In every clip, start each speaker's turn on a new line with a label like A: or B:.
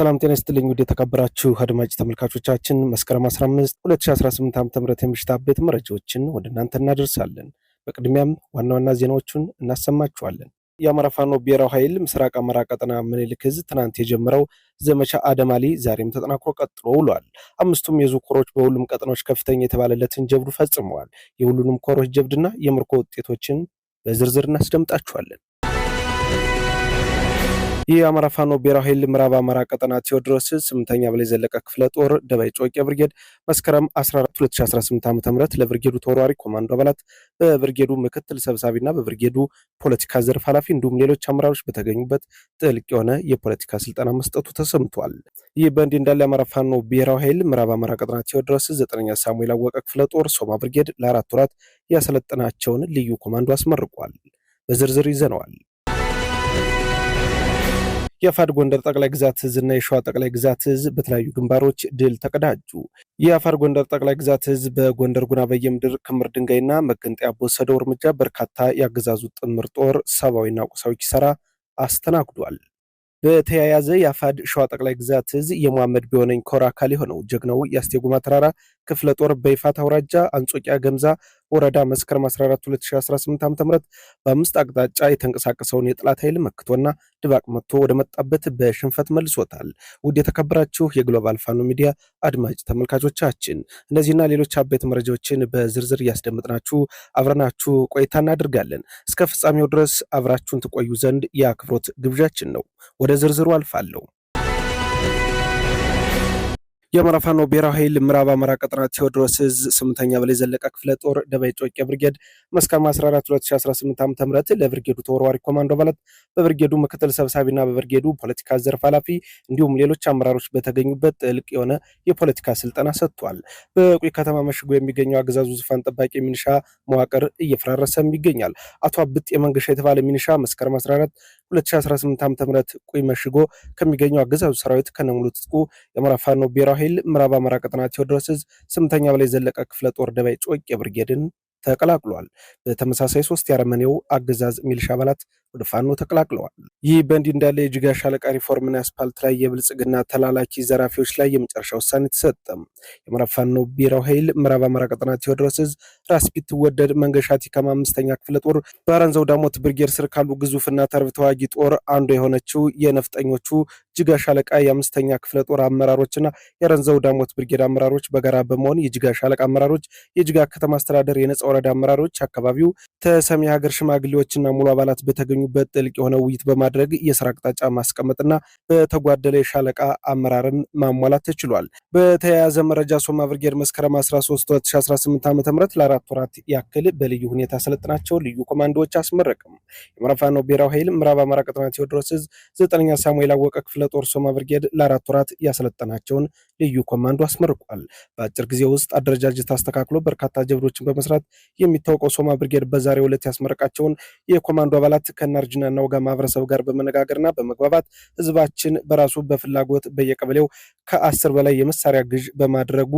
A: ሰላም ጤና ይስጥልኝ። ውድ የተከበራችሁ አድማጭ ተመልካቾቻችን መስከረም 15 2018 ዓ ም የምሽት አበይት መረጃዎችን ወደ እናንተ እናደርሳለን። በቅድሚያም ዋና ዋና ዜናዎቹን እናሰማችኋለን። የአማራ ፋኖ ብሔራዊ ኃይል ምስራቅ አማራ ቀጠና ምኒልክ ትናንት የጀመረው ዘመቻ አደማሊ ዛሬም ተጠናክሮ ቀጥሎ ውሏል። አምስቱም የዙ ኮሮች በሁሉም ቀጠናዎች ከፍተኛ የተባለለትን ጀብዱ ፈጽመዋል። የሁሉንም ኮሮች ጀብድና የምርኮ ውጤቶችን በዝርዝር እናስደምጣችኋለን። የአማራ ፋኖ ብሔራዊ ኃይል ምዕራብ አማራ ቀጠና ቴዎድሮስ ስምንተኛ በላይ ዘለቀ ክፍለ ጦር ደባይ ጮቄ ብርጌድ መስከረም 14 2018 ዓ ም ለብርጌዱ ተወርዋሪ ኮማንዶ አባላት በብርጌዱ ምክትል ሰብሳቢና በብርጌዱ ፖለቲካ ዘርፍ ኃላፊ እንዲሁም ሌሎች አመራሮች በተገኙበት ጥልቅ የሆነ የፖለቲካ ስልጠና መስጠቱ ተሰምቷል። ይህ በእንዲህ እንዳለ የአማራ ፋኖ ብሔራዊ ኃይል ምዕራብ አማራ ቀጠና ቴዎድሮስ ዘጠነኛ ሳሙኤል አወቀ ክፍለ ጦር ሶማ ብርጌድ ለአራት ወራት ያሰለጠናቸውን ልዩ ኮማንዶ አስመርቋል። በዝርዝር ይዘነዋል። የአፋድ ጎንደር ጠቅላይ ግዛት እዝና የሸዋ ጠቅላይ ግዛት እዝ በተለያዩ ግንባሮች ድል ተቀዳጁ። የአፋድ ጎንደር ጠቅላይ ግዛት እዝ በጎንደር ጉና በየምድር ክምር ድንጋይና መገንጠያ በወሰደው እርምጃ በርካታ የአገዛዙ ጥምር ጦር ሰብአዊና ቁሳዊ ኪሳራ አስተናግዷል። በተያያዘ የአፋድ ሸዋ ጠቅላይ ግዛት እዝ የሙሐመድ ቢሆነኝ ኮር አካል የሆነው ጀግናው የአስቴጉማ ተራራ ክፍለ ጦር በይፋት አውራጃ አንጾቂያ ገምዛ ወረዳ መስከረም 14 2018 ዓ.ም በአምስት አቅጣጫ የተንቀሳቀሰውን የጠላት ኃይል መክቶና ድባቅ መጥቶ ወደ መጣበት በሽንፈት መልሶታል። ውድ የተከበራችሁ የግሎባል ፋኖ ሚዲያ አድማጭ ተመልካቾቻችን እነዚህና ሌሎች አበይት መረጃዎችን በዝርዝር እያስደመጥናችሁ አብረናችሁ ቆይታ እናደርጋለን። እስከ ፍጻሜው ድረስ አብራችሁን ትቆዩ ዘንድ የአክብሮት ግብዣችን ነው። ወደ ዝርዝሩ አልፋለሁ። የአማራ ፋኖ ብሔራዊ ኃይል ምዕራብ አማራ ቀጠና ቴዎድሮስ እዝ ስምንተኛ በላይ ዘለቀ ክፍለ ጦር ደባይ ጮቄ ብርጌድ መስከረም 14 2018 ዓ ም ለብርጌዱ ተወርዋሪ ኮማንዶ አባላት በብርጌዱ ምክትል ሰብሳቢና በብርጌዱ ፖለቲካ ዘርፍ ኃላፊ እንዲሁም ሌሎች አመራሮች በተገኙበት ጥልቅ የሆነ የፖለቲካ ስልጠና ሰጥቷል። በቁይ ከተማ መሽጎ የሚገኘው አገዛዙ ዙፋን ጠባቂ ሚኒሻ መዋቅር እየፈራረሰም ይገኛል። አቶ አብጥ የመንገሻ የተባለ ሚኒሻ መስከረም 14 2018 ዓ.ም ቁይ መሽጎ ከሚገኘው አገዛዙ ሰራዊት ከነሙሉ ትጥቁ የአማራ ፋኖ ብሔራዊ ኃይል ምዕራብ አማራ ቀጠና ቴዎድሮስ ዕዝ ስምንተኛ በላይ ዘለቀ ክፍለ ጦር ደባይ ጮቄ ብርጌድን ተቀላቅሏል። በተመሳሳይ ሶስት የአረመኔው አገዛዝ ሚልሻ አባላት ወደ ፋኖ ተቀላቅለዋል። ይህ በእንዲህ እንዳለ የጅጋ ሻለቃ ሪፎርምና አስፓልት ላይ የብልጽግና ተላላኪ ዘራፊዎች ላይ የመጨረሻ ውሳኔ ተሰጠ። የምዕራብ ፋኖ ቢራው ኃይል ምዕራብ አማራ ቀጠና ቴዎድሮስ ዕዝ ራስ ቢትወደድ መንገሻ ቲከማ አምስተኛ ክፍለ ጦር በአረንዘው ዳሞት ብርጌድ ስር ካሉ ግዙፍና ተርብ ተዋጊ ጦር አንዱ የሆነችው የነፍጠኞቹ ጅጋ ሻለቃ የአምስተኛ ክፍለ ጦር አመራሮችና የአረንዘው ዳሞት ብርጌድ አመራሮች በጋራ በመሆን የጅጋ ሻለቃ አመራሮች፣ የጅጋ ከተማ አስተዳደር የነጻ ወረዳ አመራሮች፣ አካባቢው ተሰሚ ሀገር ሽማግሌዎችና ሙሉ አባላት በተገኙ በተገኙበት ጥልቅ የሆነ ውይይት በማድረግ የስራ አቅጣጫ ማስቀመጥና በተጓደለ የሻለቃ አመራርን ማሟላት ተችሏል። በተያያዘ መረጃ ሶማ ብርጌድ መስከረም 13 2018 ዓ ም ለአራት ወራት ያክል በልዩ ሁኔታ ሰለጥናቸው ልዩ ኮማንዶዎች አስመረቅም። የመረፋኖ ብሔራዊ ኃይል ምዕራብ አማራ ቀጠና ቴዎድሮስ ዕዝ ዘጠነኛ ሳሙኤል አወቀ ክፍለ ጦር ሶማ ብርጌድ ለአራት ወራት ያሰለጠናቸውን ልዩ ኮማንዶ አስመርቋል። በአጭር ጊዜ ውስጥ አደረጃጀት አስተካክሎ በርካታ ጀብዶችን በመስራት የሚታወቀው ሶማ ብርጌድ በዛሬው ዕለት ያስመረቃቸውን የኮማንዶ አባላት ከ ከአፍሪካና እርጅናና ወጋ ማህበረሰብ ጋር በመነጋገርና በመግባባት ህዝባችን በራሱ በፍላጎት በየቀበሌው ከአስር በላይ የመሳሪያ ግዥ በማድረጉ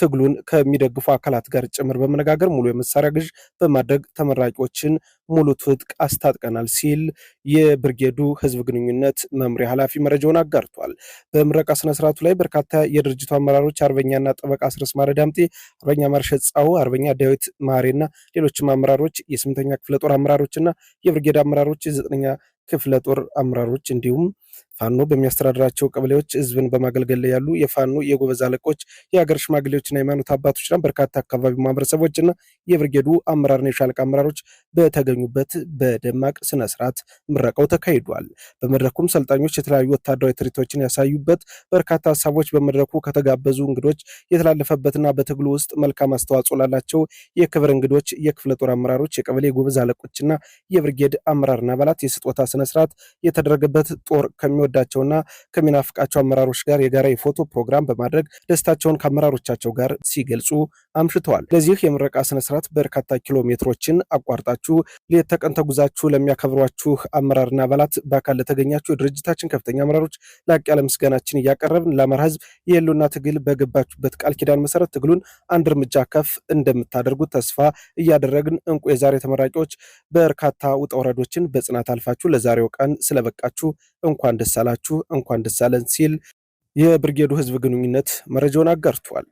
A: ትግሉን ከሚደግፉ አካላት ጋር ጭምር በመነጋገር ሙሉ የመሳሪያ ግዥ በማድረግ ተመራቂዎችን ሙሉ ትጥቅ አስታጥቀናል ሲል የብርጌዱ ህዝብ ግንኙነት መምሪያ ኃላፊ መረጃውን አጋርቷል። በምረቃ ስነስርዓቱ ላይ በርካታ የድርጅቱ አመራሮች አርበኛና ጠበቃ አስረስ ማረ ዳምጤ፣ አርበኛ ማርሸ ጻው፣ አርበኛ ዳዊት ማሬና ሌሎችም አመራሮች የስምንተኛ ክፍለ ጦር አመራሮችና የብርጌድ አመራሮች የዘጠነኛ ክፍለ ጦር አመራሮች እንዲሁም ፋኖ በሚያስተዳድራቸው ቀበሌዎች ህዝብን በማገልገል ላይ ያሉ የፋኖ የጎበዝ አለቆች፣ የሀገር ሽማግሌዎችና ሃይማኖት አባቶችና በርካታ አካባቢ ማህበረሰቦችና የብርጌዱ አመራርና የሻለቃ አመራሮች በተገኙበት በደማቅ ስነስርዓት ምረቃው ተካሂዷል። በመድረኩም ሰልጣኞች የተለያዩ ወታደራዊ ትርኢቶችን ያሳዩበት፣ በርካታ ሀሳቦች በመድረኩ ከተጋበዙ እንግዶች የተላለፈበትና በትግሉ ውስጥ መልካም አስተዋጽኦ ላላቸው የክብር እንግዶች፣ የክፍለ ጦር አመራሮች፣ የቀበሌ ጎበዝ አለቆችና የብርጌድ አመራርና አባላት የስጦታ ስነስርዓት የተደረገበት ጦር ከሚወዳቸውና ከሚናፍቃቸው አመራሮች ጋር የጋራ የፎቶ ፕሮግራም በማድረግ ደስታቸውን ከአመራሮቻቸው ጋር ሲገልጹ አምሽተዋል። ለዚህ የምረቃ ስነስርዓት በርካታ ኪሎ ሜትሮችን አቋርጣችሁ ሌት ተቀን ተጉዛችሁ ለሚያከብሯችሁ አመራርና አባላት በአካል ለተገኛችሁ የድርጅታችን ከፍተኛ አመራሮች ላቅ ያለ ምስጋናችን እያቀረብን ለአማራ ህዝብ የህልውና ትግል በገባችሁበት ቃል ኪዳን መሰረት ትግሉን አንድ እርምጃ ከፍ እንደምታደርጉት ተስፋ እያደረግን እንቁ የዛሬ ተመራቂዎች በርካታ ውጣ ውረዶችን በጽናት አልፋችሁ ለዛሬው ቀን ስለበቃችሁ እንኳን ደስ አላችሁ፣ እንኳን ደስ አለን ሲል የብርጌዱ ህዝብ ግንኙነት መረጃውን አጋርቷል።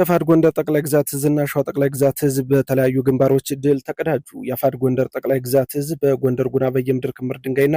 A: የአፋድ ጎንደር ጠቅላይ ግዛት እዝና ሸዋ ጠቅላይ ግዛት እዝ በተለያዩ ግንባሮች ድል ተቀዳጁ። የአፋድ ጎንደር ጠቅላይ ግዛት እዝ በጎንደር ጉና በየምድር ክምር ድንጋይና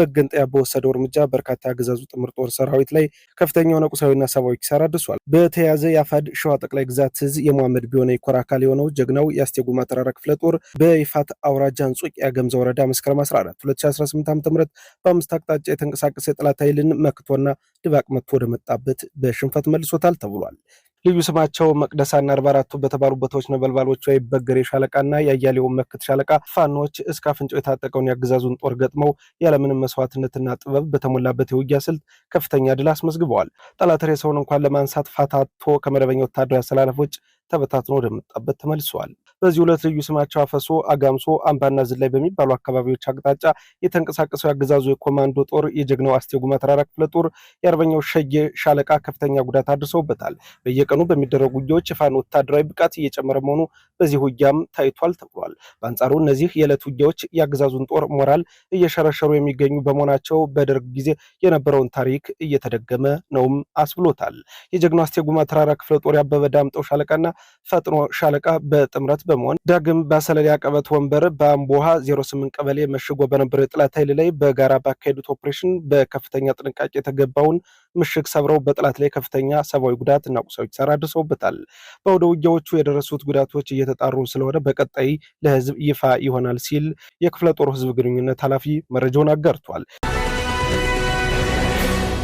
A: መገንጠያ በወሰደው እርምጃ በርካታ ያገዛዙ ጥምር ጦር ሰራዊት ላይ ከፍተኛ የሆነ ቁሳዊና ሰብአዊ ኪሳራ አድርሷል። በተያያዘ የአፋድ ሸዋ ጠቅላይ ግዛት እዝ የሙሐመድ ቢሆነ የኮር አካል የሆነው ጀግናው የአስቴጉማ ተራራ ክፍለ ጦር በይፋት አውራጃ አንጾኪያ ገምዛ ወረዳ መስከረም 14 2018 ዓ ም በአምስት አቅጣጫ የተንቀሳቀሰ የጠላት ኃይልን መክቶና ድባቅ መጥቶ ወደመጣበት በሽንፈት መልሶታል ተብሏል። ልዩ ስማቸው መቅደሳና አርባ አራቱ በተባሉ ቦታዎች ነበልባሎቿ በገሬ ሻለቃና የአያሌው መክት ሻለቃ ፋኖች እስከ አፍንጮ የታጠቀውን የአገዛዙን ጦር ገጥመው ያለምንም መስዋዕትነትና ጥበብ በተሞላበት የውጊያ ስልት ከፍተኛ ድል አስመዝግበዋል። ጠላት ሬሳውን እንኳን ለማንሳት ፋታቶ ከመደበኛ ወታደራዊ አሰላለፎች ተበታትኖ ወደመጣበት ተመልሰዋል። በዚህ ሁለት ልዩ ስማቸው አፈሶ፣ አጋምሶ፣ አምባና ዝላይ በሚባሉ አካባቢዎች አቅጣጫ የተንቀሳቀሰው የአገዛዙ የኮማንዶ ጦር የጀግናው አስቴጉማ ተራራ ክፍለ ጦር የአርበኛው ሸጌ ሻለቃ ከፍተኛ ጉዳት አድርሰውበታል። በየቀኑ በሚደረጉ ውጊያዎች የፋኖ ወታደራዊ ብቃት እየጨመረ መሆኑ በዚህ ውጊያም ታይቷል ተብሏል። በአንጻሩ እነዚህ የዕለት ውጊያዎች የአገዛዙን ጦር ሞራል እየሸረሸሩ የሚገኙ በመሆናቸው በደርግ ጊዜ የነበረውን ታሪክ እየተደገመ ነውም አስብሎታል። የጀግናው አስቴጉማ ተራራ ክፍለ ጦር ያበበ ዳምጠው ሻለቃና ፈጥኖ ሻለቃ በጥምረት በመሆን ዳግም በሰሌዳ ቀበት ወንበር በአምቦ ውሃ 08 ቀበሌ መሽጎ በነበረው የጥላት ኃይል ላይ በጋራ ባካሄዱት ኦፕሬሽን በከፍተኛ ጥንቃቄ የተገባውን ምሽግ ሰብረው በጥላት ላይ ከፍተኛ ሰብአዊ ጉዳት እና ቁሳዊ ኪሳራ አድርሰውበታል። በአውደ ውጊያዎቹ የደረሱት ጉዳቶች እየተጣሩ ስለሆነ በቀጣይ ለህዝብ ይፋ ይሆናል ሲል የክፍለ ጦር ህዝብ ግንኙነት ኃላፊ መረጃውን አጋርቷል።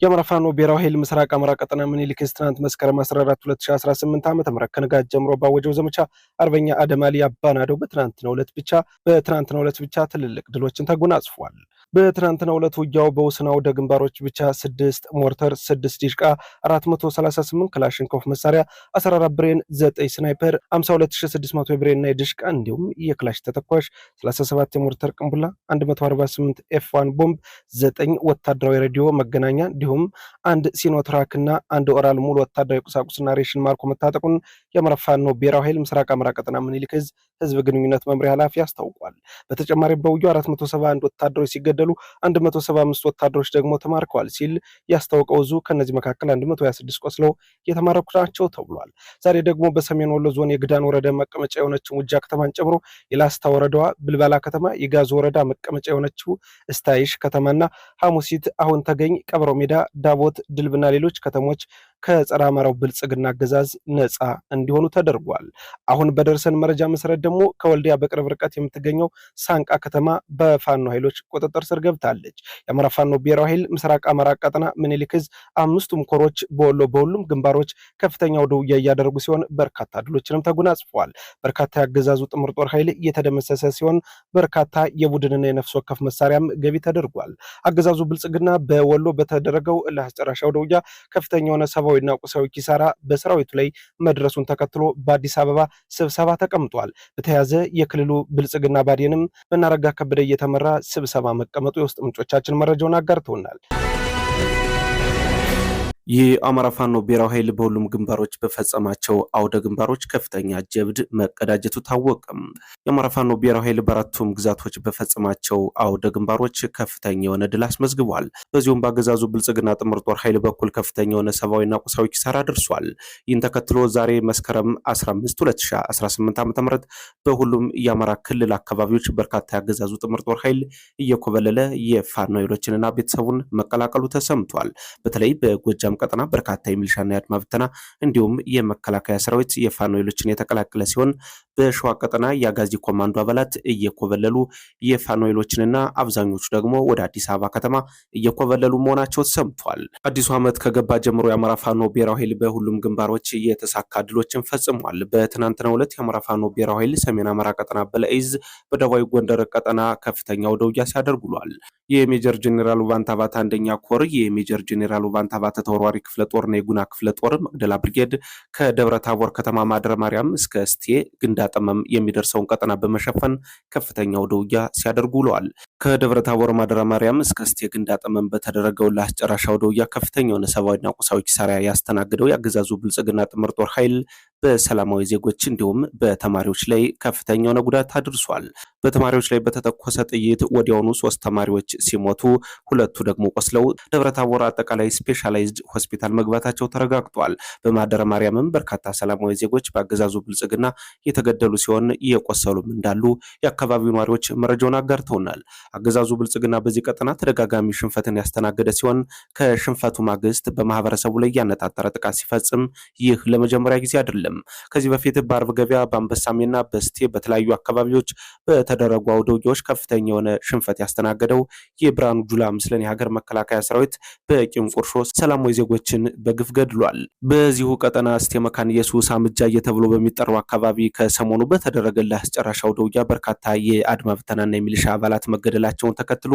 A: የአማራ ፋኖ ብሔራዊ ኃይል ምስራቅ አማራ ቀጠና ምኒልክ ዕዝ ትናንት መስከረም 14 2018 ዓ ም ከንጋት ጀምሮ ባወጀው ዘመቻ አርበኛ አደማሊ አባናደው በትናንትናው ዕለት ብቻ በትናንትናው ዕለት ብቻ ትልልቅ ድሎችን ተጎናጽፏል። በትናንትናው ዕለት ውጊያው በውስን አውደ ግንባሮች ብቻ ስድስት ሞርተር፣ ስድስት ዲሽቃ፣ 438 ክላሽንኮፍ መሳሪያ፣ 14 ብሬን፣ 9 ስናይፐር፣ 52600 የብሬን እና የዲሽቃ እንዲሁም የክላሽ ተተኳሽ 37 የሞርተር ቅንቡላ፣ 148 ኤፍ1 ቦምብ፣ 9 ወታደራዊ ሬዲዮ መገናኛ እንዲሁም እንዲሁም አንድ ሲኖትራክና አንድ ኦራል ሙሉ ወታደራዊ ቁሳቁስና ሬሽን ማርኮ መታጠቁን የአማራ ፋኖ ብሔራዊ ኃይል ምስራቅ አማራ ቀጠና ምኒልክ ዕዝ ህዝብ ግንኙነት መምሪያ ኃላፊ አስታውቋል። በተጨማሪም በውዩ 471 ወታደሮች ሲገደሉ 175 ወታደሮች ደግሞ ተማርከዋል ሲል ያስታወቀው ዕዙ ከእነዚህ መካከል 126 ቆስለው የተማረኩ ናቸው ተብሏል። ዛሬ ደግሞ በሰሜን ወሎ ዞን የግዳን ወረዳ መቀመጫ የሆነችው ውጃ ከተማን ጨምሮ የላስታ ወረዳዋ ብልባላ ከተማ፣ የጋዞ ወረዳ መቀመጫ የሆነችው እስታይሽ ከተማና ሐሙሲት አሁን ተገኝ፣ ቀበሮ ሜዳ ዳቦት፣ ድልብና ሌሎች ከተሞች ከጸረ አማራው ብልጽግና አገዛዝ ነፃ እንዲሆኑ ተደርጓል። አሁን በደረሰን መረጃ መሰረት ደግሞ ከወልዲያ በቅርብ ርቀት የምትገኘው ሳንቃ ከተማ በፋኖ ኃይሎች ቁጥጥር ስር ገብታለች። የአማራ ፋኖ ብሔራዊ ኃይል ምስራቅ አማራ ቀጠና ምኒልክ ዕዝ አምስቱም ኮሮች በወሎ በሁሉም ግንባሮች ከፍተኛ ወደ ውያ እያደረጉ ሲሆን በርካታ ድሎችንም ተጎናጽፏል። በርካታ ያገዛዙ ጥምር ጦር ኃይል እየተደመሰሰ ሲሆን በርካታ የቡድንና የነፍስ ወከፍ መሳሪያም ገቢ ተደርጓል። አገዛዙ ብልጽግና በወሎ በተደረገው ለአስጨራሻ አስጨራሽ ውጊያ ከፍተኛ የሆነ ሰባ ሰብአዊና ቁሳዊ ኪሳራ በሰራዊቱ ላይ መድረሱን ተከትሎ በአዲስ አበባ ስብሰባ ተቀምጧል። በተያያዘ የክልሉ ብልጽግና ባዴንም በናረጋ ከበደ እየተመራ ስብሰባ መቀመጡ የውስጥ ምንጮቻችን መረጃውን አጋርተውናል። የአማራ ፋኖ ብሔራዊ ኃይል በሁሉም ግንባሮች በፈጸማቸው አውደ ግንባሮች ከፍተኛ ጀብድ መቀዳጀቱ ታወቀም። የአማራ ፋኖ ብሔራዊ ኃይል በአራቱም ግዛቶች በፈጸማቸው አውደ ግንባሮች ከፍተኛ የሆነ ድል አስመዝግቧል። በዚሁም በአገዛዙ ብልጽግና ጥምር ጦር ኃይል በኩል ከፍተኛ የሆነ ሰብአዊና ቁሳዊ ኪሳራ ደርሷል። ይህን ተከትሎ ዛሬ መስከረም 15 2018 ዓ.ም በሁሉም የአማራ ክልል አካባቢዎች በርካታ የአገዛዙ ጥምር ጦር ኃይል እየኮበለለ የፋኖ ኃይሎችንና ቤተሰቡን መቀላቀሉ ተሰምቷል። በተለይ በጎጃም ቀጠና በርካታ የሚሊሻና የአድማ ብተና እንዲሁም የመከላከያ ሰራዊት የፋኖ ኃይሎችን የተቀላቀለ ሲሆን በሸዋ ቀጠና የአጋዚ ኮማንዶ አባላት እየኮበለሉ የፋኖ ኃይሎችንና አብዛኞቹ ደግሞ ወደ አዲስ አበባ ከተማ እየኮበለሉ መሆናቸው ሰምቷል። አዲሱ ዓመት ከገባ ጀምሮ የአማራ ፋኖ ብሔራዊ ኃይል በሁሉም ግንባሮች የተሳካ ድሎችን ፈጽሟል። በትናንትናው ዕለት የአማራ ፋኖ ብሔራዊ ኃይል ሰሜን አማራ ቀጠና በለይዝ በደቡባዊ ጎንደር ቀጠና ከፍተኛ ወደ ውጊያ ሲያደርጉሏል። የሜጀር ጄኔራል ባንታባት አንደኛ ኮር የሜጀር ጄኔራል ባንታባት ተወሯል ተወርዋሪ ክፍለ ጦርና የጉና ክፍለ ጦር መቅደላ ብርጌድ ከደብረ ታቦር ከተማ ማደረ ማርያም እስከ እስቴ ግንዳጠመም የሚደርሰውን ቀጠና በመሸፈን ከፍተኛ ወደ ውጊያ ሲያደርጉ ውለዋል። ከደብረ ታቦር ማደራ ማርያም እስከ እስቴ ግንዳ ጠመን በተደረገው ለአስጨራሽ ውጊያ ከፍተኛ የሆነ ሰብአዊና ቁሳዊ ኪሳራ ያስተናግደው የአገዛዙ ብልጽግና ጥምር ጦር ኃይል በሰላማዊ ዜጎች እንዲሁም በተማሪዎች ላይ ከፍተኛ የሆነ ጉዳት አድርሷል። በተማሪዎች ላይ በተተኮሰ ጥይት ወዲያውኑ ሶስት ተማሪዎች ሲሞቱ ሁለቱ ደግሞ ቆስለው ደብረ ታቦር አጠቃላይ ስፔሻላይዝድ ሆስፒታል መግባታቸው ተረጋግጧል። በማደረ ማርያምም በርካታ ሰላማዊ ዜጎች በአገዛዙ ብልጽግና የተገደሉ ሲሆን እየቆሰሉም እንዳሉ የአካባቢው ነዋሪዎች መረጃውን አጋርተውናል። አገዛዙ ብልጽግና በዚህ ቀጠና ተደጋጋሚ ሽንፈትን ያስተናገደ ሲሆን ከሽንፈቱ ማግስት በማህበረሰቡ ላይ ያነጣጠረ ጥቃት ሲፈጽም ይህ ለመጀመሪያ ጊዜ አይደለም። ከዚህ በፊት በአርብ ገበያ፣ በአንበሳሜና በስቴ በተለያዩ አካባቢዎች በተደረጉ አውደ ከፍተኛ የሆነ ሽንፈት ያስተናገደው የብርሃኑ ጁላ ምስለን የሀገር መከላከያ ሰራዊት በቂም ቁርሾ ሰላማዊ ዜጎችን በግፍ ገድሏል። በዚሁ ቀጠና ስቴ መካን ኢየሱስ አምጃ እየተብሎ በሚጠራው አካባቢ ከሰሞኑ በተደረገ ለአስጨራሽ አውደ በርካታ የአድማ ብተናና የሚሊሻ አባላት መገደል መገደላቸውን ተከትሎ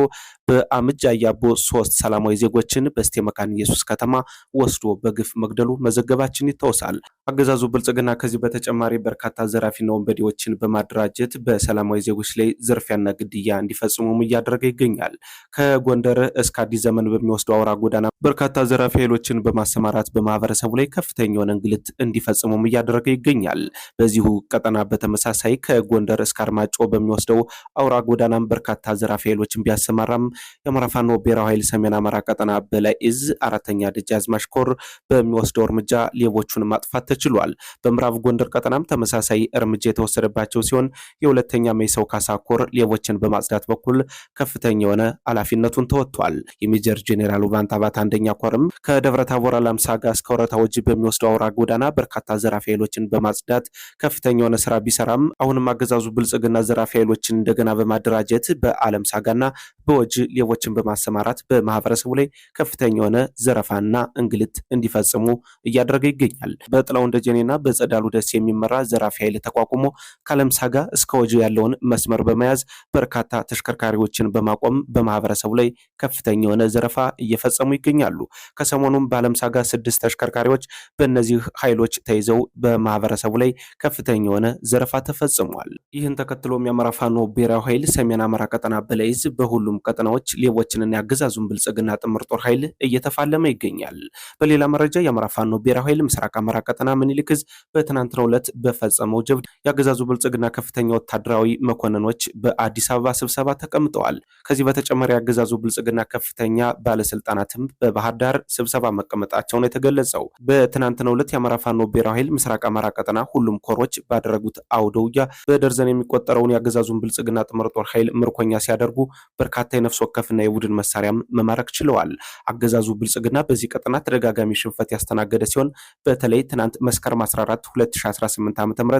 A: በአምጃ አያቦ ሶስት ሰላማዊ ዜጎችን በስቴ መካን ኢየሱስ ከተማ ወስዶ በግፍ መግደሉ መዘገባችን ይታወሳል። አገዛዙ ብልጽግና ከዚህ በተጨማሪ በርካታ ዘራፊና ወንበዴዎችን በማደራጀት በሰላማዊ ዜጎች ላይ ዝርፊያና ግድያ እንዲፈጽሙም እያደረገ ይገኛል። ከጎንደር እስከ አዲስ ዘመን በሚወስደው አውራ ጎዳና በርካታ ዘራፊ ኃይሎችን በማሰማራት በማህበረሰቡ ላይ ከፍተኛ የሆነ እንግልት እንዲፈጽሙም እያደረገ ይገኛል። በዚሁ ቀጠና በተመሳሳይ ከጎንደር እስከ አርማጮ በሚወስደው አውራ ጎዳናም በርካታ ዘራ ተደራፊ ኃይሎችን ቢያሰማራም የአማራ ፋኖ ብሔራዊ ኃይል ሰሜን አማራ ቀጠና በላይ እዝ አራተኛ ደጃዝማች ኮር በሚወስደው እርምጃ ሌቦቹን ማጥፋት ተችሏል። በምዕራብ ጎንደር ቀጠናም ተመሳሳይ እርምጃ የተወሰደባቸው ሲሆን የሁለተኛ መይሰው ካሳ ኮር ሌቦችን በማጽዳት በኩል ከፍተኛ የሆነ ኃላፊነቱን ተወጥቷል። የሜጀር ጄኔራል ውባንታ ባት አንደኛ ኮርም ከደብረ ታቦር አላምሳ ጋር እስከ ወረታ በሚወስደው አውራ ጎዳና በርካታ ዘራፊ ኃይሎችን በማጽዳት ከፍተኛ የሆነ ስራ ቢሰራም አሁንም አገዛዙ ብልጽግና ዘራፊ ኃይሎችን እንደገና በማደራጀት በአለም በለምሳጋና በወጅ ሌቦችን በማሰማራት በማህበረሰቡ ላይ ከፍተኛ የሆነ ዘረፋና እንግልት እንዲፈጽሙ እያደረገ ይገኛል። በጥላው ደጀኔና በጸዳሉ ደሴ የሚመራ ዘራፊ ኃይል ተቋቁሞ ከለምሳጋ እስከ ወጅ ያለውን መስመር በመያዝ በርካታ ተሽከርካሪዎችን በማቆም በማህበረሰቡ ላይ ከፍተኛ የሆነ ዘረፋ እየፈጸሙ ይገኛሉ። ከሰሞኑም በአለምሳጋ ስድስት ተሽከርካሪዎች በእነዚህ ኃይሎች ተይዘው በማህበረሰቡ ላይ ከፍተኛ የሆነ ዘረፋ ተፈጽሟል። ይህን ተከትሎ የሚያመራ ፋኖ ብሔራዊ ኃይል ሰሜን አማራ ቀጠና በላይ በሁሉም ቀጠናዎች ሌቦችንና ያገዛዙን ብልጽግና ጥምር ጦር ኃይል እየተፋለመ ይገኛል። በሌላ መረጃ የአማራ ፋኖ ብሔራዊ ኃይል ምስራቅ አማራ ቀጠና ምኒልክ እዝ በትናንትናው ዕለት በፈጸመው ጀብድ ያገዛዙ ብልጽግና ከፍተኛ ወታደራዊ መኮንኖች በአዲስ አበባ ስብሰባ ተቀምጠዋል። ከዚህ በተጨማሪ ያገዛዙ ብልጽግና ከፍተኛ ባለስልጣናትም በባህር ዳር ስብሰባ መቀመጣቸውን የተገለጸው። በትናንትናው ዕለት የአማራ ፋኖ ብሔራዊ ኃይል ምስራቅ አማራ ቀጠና ሁሉም ኮሮች ባደረጉት አውደውያ በደርዘን የሚቆጠረውን ያገዛዙን ብልጽግና ጥምር ጦር ኃይል ምርኮኛ ሲያደ የሚያደርጉ በርካታ የነፍስ ወከፍና የቡድን መሳሪያም መማረክ ችለዋል። አገዛዙ ብልጽግና በዚህ ቀጠና ተደጋጋሚ ሽንፈት ያስተናገደ ሲሆን በተለይ ትናንት መስከረም 14 2018 ዓ ም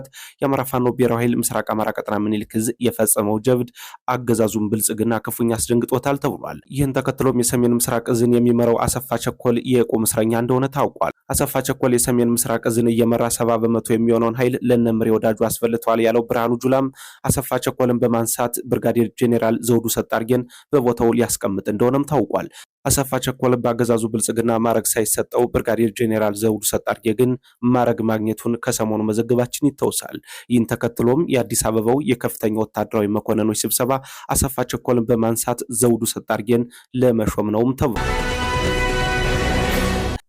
A: የአማራ ፋኖ ብሔራዊ ኃይል ምስራቅ አማራ ቀጠና ምኒልክ የፈጸመው ጀብድ አገዛዙን ብልጽግና ክፉኛ አስደንግጦታል ተብሏል። ይህን ተከትሎም የሰሜን ምስራቅ ዝን የሚመራው አሰፋ ቸኮል የቁም እስረኛ እንደሆነ ታውቋል። አሰፋ ቸኮል የሰሜን ምስራቅ ዝን እየመራ ሰባ በመቶ የሚሆነውን ኃይል ለነምሬ ወዳጁ አስፈልተዋል ያለው ብርሃኑ ጁላም አሰፋ ቸኮልን በማንሳት ብርጋዴር ጄኔራል ዘውዱ ሰጣርጌን በቦታው ሊያስቀምጥ እንደሆነም ታውቋል። አሰፋ ቸኮል በአገዛዙ ብልጽግና ማዕረግ ሳይሰጠው ብርጋዴር ጄኔራል ዘውዱ ሰጣርጌ ግን ማዕረግ ማግኘቱን ከሰሞኑ መዘገባችን ይተውሳል። ይህን ተከትሎም የአዲስ አበባው የከፍተኛ ወታደራዊ መኮንኖች ስብሰባ አሰፋ ቸኮልን በማንሳት ዘውዱ ሰጣርጌን ለመሾም ነውም ተብሏል።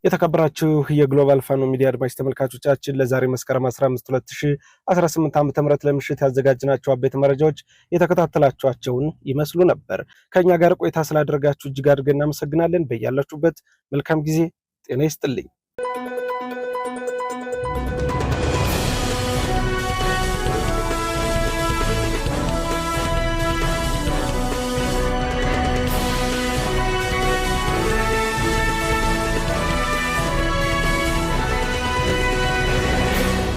A: የተከበራችሁ የግሎባል ፋኖ ሚዲያ አድማጭ ተመልካቾቻችን ለዛሬ መስከረም 15 2018 ዓ.ም ለምሽት ያዘጋጅናቸው አበይት መረጃዎች የተከታተላችኋቸውን ይመስሉ ነበር። ከእኛ ጋር ቆይታ ስላደረጋችሁ እጅግ አድርገን እናመሰግናለን። በያላችሁበት መልካም ጊዜ ጤና ይስጥልኝ።